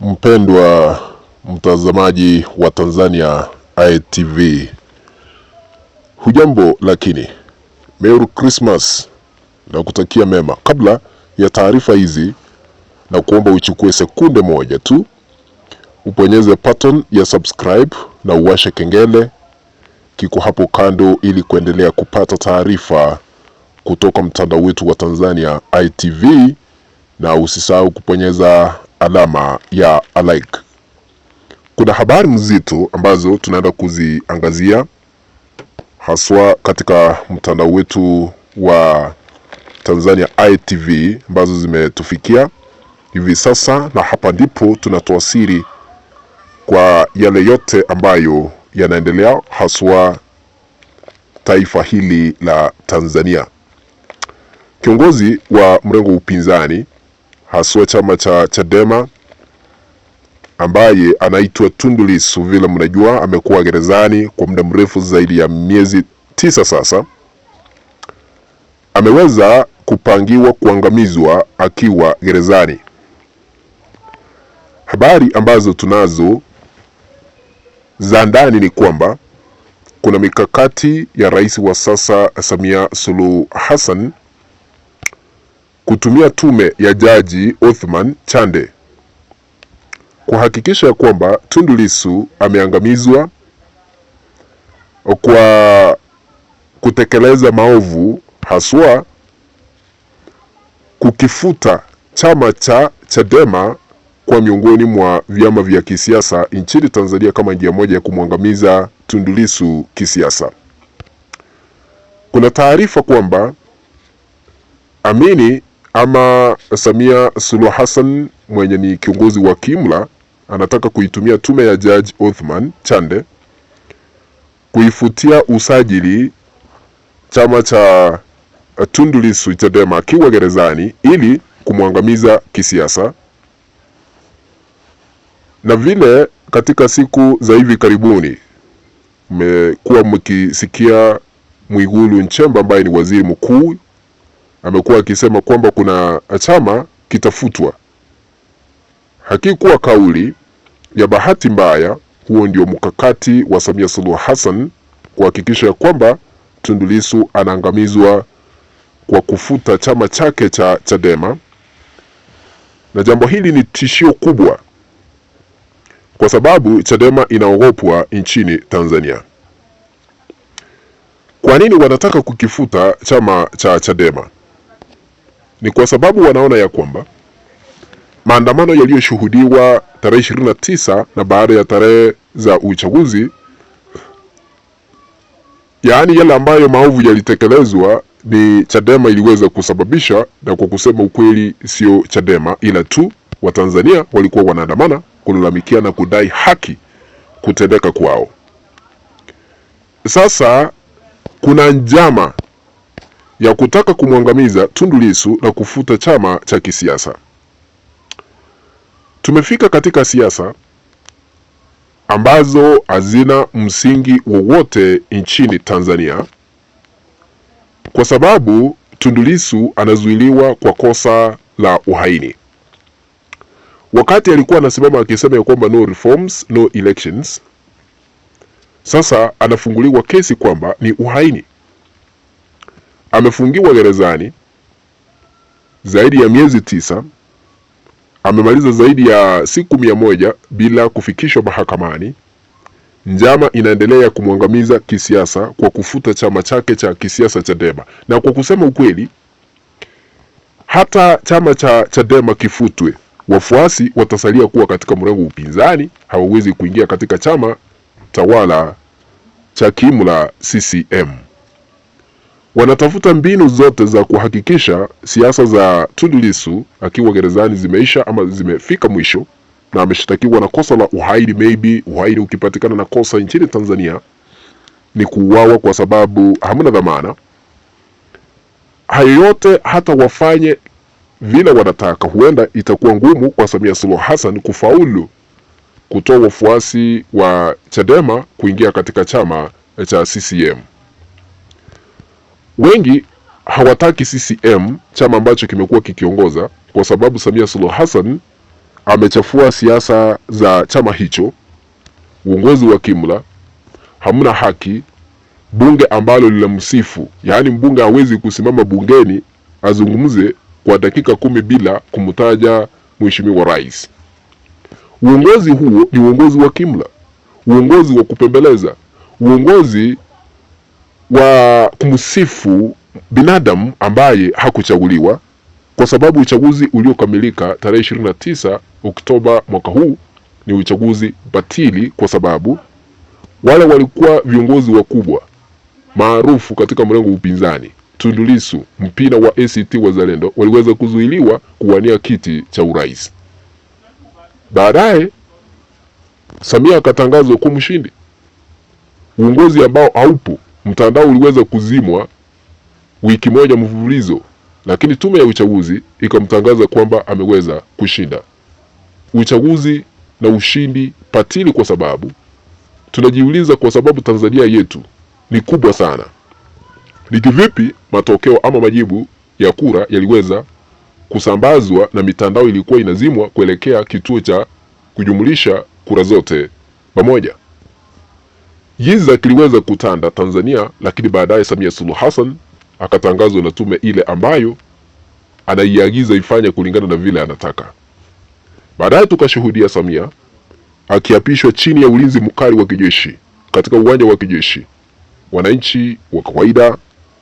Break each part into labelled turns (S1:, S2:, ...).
S1: Mpendwa mtazamaji wa Tanzania itv hujambo, lakini Merry Christmas na kutakia mema. Kabla ya taarifa hizi, na kuomba uchukue sekunde moja tu uponyeze button ya subscribe na uwashe kengele kiko hapo kando, ili kuendelea kupata taarifa kutoka mtandao wetu wa Tanzania itv na usisahau kuponyeza alama ya like. Kuna habari mzito ambazo tunaenda kuziangazia haswa katika mtandao wetu wa Tanzania ITV ambazo zimetufikia hivi sasa, na hapa ndipo tunatoa siri kwa yale yote ambayo yanaendelea haswa taifa hili la Tanzania. Kiongozi wa mrengo wa upinzani haswa chama cha Chadema ambaye anaitwa Tundu Lissu. Vile mnajua amekuwa gerezani kwa muda mrefu zaidi ya miezi tisa sasa, ameweza kupangiwa kuangamizwa akiwa gerezani. Habari ambazo tunazo za ndani ni kwamba kuna mikakati ya rais wa sasa Samia Suluhu Hassan kutumia tume ya Jaji Othman Chande kuhakikisha kwamba Tundu Lissu ameangamizwa kwa kutekeleza maovu, haswa kukifuta chama cha Chadema kwa miongoni mwa vyama vya kisiasa nchini Tanzania kama njia moja ya kumwangamiza Tundu Lissu kisiasa. Kuna taarifa kwamba Amini ama Samia Suluhu Hassan mwenye ni kiongozi wa kimla anataka kuitumia tume ya Jaji Othman Chande kuifutia usajili chama cha eh, Tundu Lissu Chadema akiwa gerezani ili kumwangamiza kisiasa. Na vile katika siku za hivi karibuni mmekuwa mkisikia Mwigulu Nchemba ambaye ni waziri mkuu amekuwa akisema kwamba kuna chama kitafutwa. Hakikuwa kauli ya bahati mbaya, huo ndio mkakati wa Samia Suluhu Hassan kuhakikisha kwamba Tundu Lissu anaangamizwa kwa kufuta chama chake cha Chadema, na jambo hili ni tishio kubwa kwa sababu Chadema inaogopwa nchini Tanzania. Kwa nini wanataka kukifuta chama cha Chadema? ni kwa sababu wanaona ya kwamba maandamano yaliyoshuhudiwa tarehe tisa na baada ya tarehe za uchaguzi, yaani yale ambayo maovu yalitekelezwa ni Chadema iliweza kusababisha, na kwa kusema ukweli, sio Chadema ila tu Watanzania walikuwa wanaandamana kulalamikia na kudai haki kutendeka kwao. Sasa kuna njama ya kutaka kumwangamiza Tundu Lissu na kufuta chama cha kisiasa. Tumefika katika siasa ambazo hazina msingi wowote nchini Tanzania kwa sababu Tundu Lissu anazuiliwa kwa kosa la uhaini. Wakati alikuwa anasimama akisema ya kwamba no reforms no elections, sasa anafunguliwa kesi kwamba ni uhaini amefungiwa gerezani zaidi ya miezi tisa, amemaliza zaidi ya siku mia moja bila kufikishwa mahakamani. Njama inaendelea kumwangamiza kisiasa kwa kufuta chama chake cha kisiasa Chadema, na kwa kusema ukweli, hata chama cha Chadema kifutwe, wafuasi watasalia kuwa katika mrengo upinzani, hawawezi kuingia katika chama tawala cha kiimla CCM. Wanatafuta mbinu zote za kuhakikisha siasa za Tundu Lissu akiwa gerezani zimeisha ama zimefika mwisho na ameshtakiwa na kosa la uhaini. Maybe uhaini ukipatikana na kosa nchini Tanzania ni kuuawa kwa sababu hamna dhamana. Hayo yote hata wafanye vile wanataka, huenda itakuwa ngumu kwa Samia Suluhu Hassan kufaulu kutoa wafuasi wa Chadema kuingia katika chama cha CCM. Wengi hawataki CCM, chama ambacho kimekuwa kikiongoza, kwa sababu Samia Suluhu Hassan amechafua siasa za chama hicho, uongozi wa kimla, hamna haki, bunge ambalo linamsifu, yaani mbunge hawezi kusimama bungeni azungumze kwa dakika kumi bila kumtaja mheshimiwa rais. Uongozi huo ni uongozi wa kimla, uongozi wa kupembeleza, uongozi wa kumsifu binadamu ambaye hakuchaguliwa kwa sababu uchaguzi uliokamilika tarehe 29 Oktoba mwaka huu ni uchaguzi batili, kwa sababu wale walikuwa viongozi wakubwa maarufu katika mrengo wa upinzani tundulisu Mpina wa ACT Wazalendo, waliweza kuzuiliwa kuwania kiti cha urais. Baadaye Samia akatangazwa kuwa mshindi, uongozi ambao haupo mtandao uliweza kuzimwa wiki moja mfululizo, lakini tume ya uchaguzi ikamtangaza kwamba ameweza kushinda uchaguzi na ushindi patili. Kwa sababu tunajiuliza, kwa sababu Tanzania yetu ni kubwa sana, ni kivipi matokeo ama majibu ya kura yaliweza kusambazwa na mitandao ilikuwa inazimwa kuelekea kituo cha kujumlisha kura zote pamoja? Giza kiliweza kutanda Tanzania, lakini baadaye Samia Suluhu Hassan akatangazwa na tume ile ambayo anaiagiza ifanye kulingana na vile anataka. Baadaye tukashuhudia Samia akiapishwa chini ya ulinzi mkali wa kijeshi katika uwanja wa kijeshi. Wananchi wa kawaida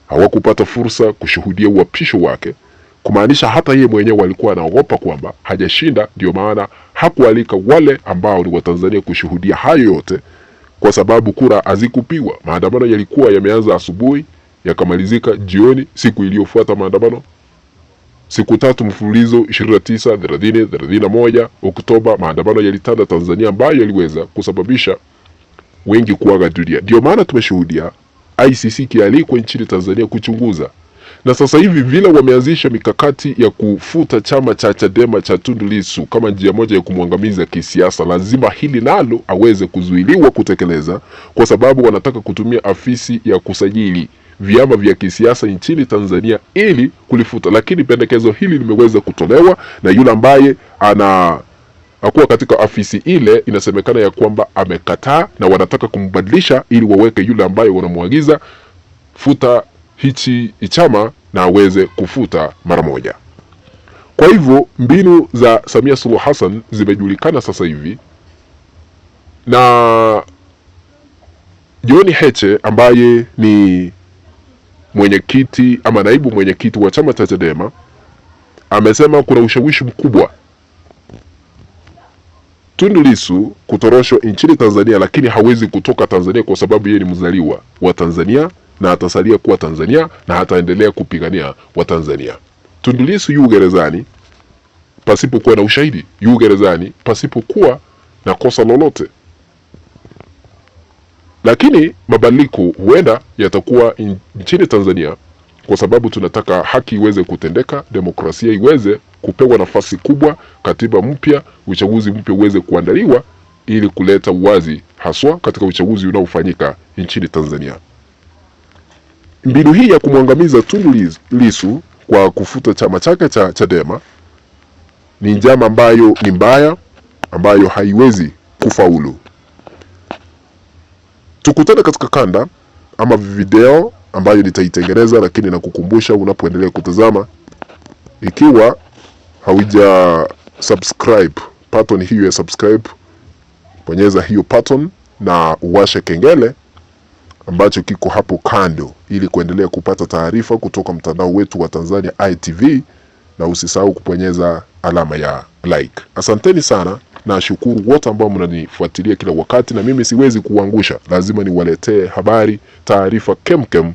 S1: hawakupata fursa kushuhudia uapisho wake, kumaanisha hata yeye mwenyewe alikuwa anaogopa kwamba hajashinda, ndio maana hakualika wale ambao ni Watanzania kushuhudia hayo yote kwa sababu kura hazikupigwa. Maandamano yalikuwa yameanza asubuhi yakamalizika jioni siku iliyofuata. Maandamano siku tatu mfululizo 29, 30, 31 Oktoba, maandamano yalitanda Tanzania ambayo yaliweza kusababisha wengi kuaga dunia. Ndio maana tumeshuhudia ICC kialikwa nchini Tanzania kuchunguza na sasa hivi vile wameanzisha mikakati ya kufuta chama cha Chadema cha Tundu Lissu kama njia moja ya kumwangamiza kisiasa, lazima hili nalo aweze kuzuiliwa kutekeleza, kwa sababu wanataka kutumia afisi ya kusajili vyama vya kisiasa nchini Tanzania ili kulifuta. Lakini pendekezo hili limeweza kutolewa na yule ambaye ana akuwa katika afisi ile, inasemekana ya kwamba amekataa na wanataka kumbadilisha ili waweke yule ambaye wanamwagiza futa hichi chama na aweze kufuta mara moja. Kwa hivyo mbinu za Samia Suluhu Hassan zimejulikana sasa hivi na John Heche ambaye ni mwenyekiti ama naibu mwenyekiti wa chama cha Chadema amesema kuna ushawishi mkubwa Tundu Lissu kutoroshwa nchini Tanzania, lakini hawezi kutoka Tanzania kwa sababu yeye ni mzaliwa wa Tanzania na atasalia kuwa Tanzania na ataendelea kupigania Watanzania. Tundu Lissu yu gerezani kuwa na ushahidi, yu gerezani kuwa na kosa lolote, lakini mabadiliko huenda yatakuwa nchini Tanzania kwa sababu tunataka haki iweze kutendeka, demokrasia iweze kupewa nafasi kubwa, katiba mpya, uchaguzi mpya uweze kuandaliwa ili kuleta uwazi haswa katika uchaguzi unaofanyika nchini Tanzania. Mbinu hii ya kumwangamiza Tundu Lissu kwa kufuta chama chake cha Chadema ni njama ambayo ni mbaya, ambayo haiwezi kufaulu. Tukutane katika kanda ama video ambayo nitaitengeneza, lakini nakukumbusha unapoendelea kutazama, ikiwa hauja subscribe button hiyo ya subscribe, bonyeza hiyo button na uwashe kengele ambacho kiko hapo kando, ili kuendelea kupata taarifa kutoka mtandao wetu wa Tanzania ITV, na usisahau kuponyeza alama ya like. Asanteni sana. Nashukuru wote ambao mnanifuatilia kila wakati, na mimi siwezi kuangusha, lazima niwaletee habari, taarifa kemkem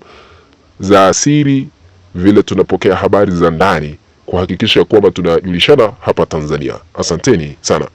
S1: za asili, vile tunapokea habari za ndani kuhakikisha kwamba tunajulishana hapa Tanzania. Asanteni sana.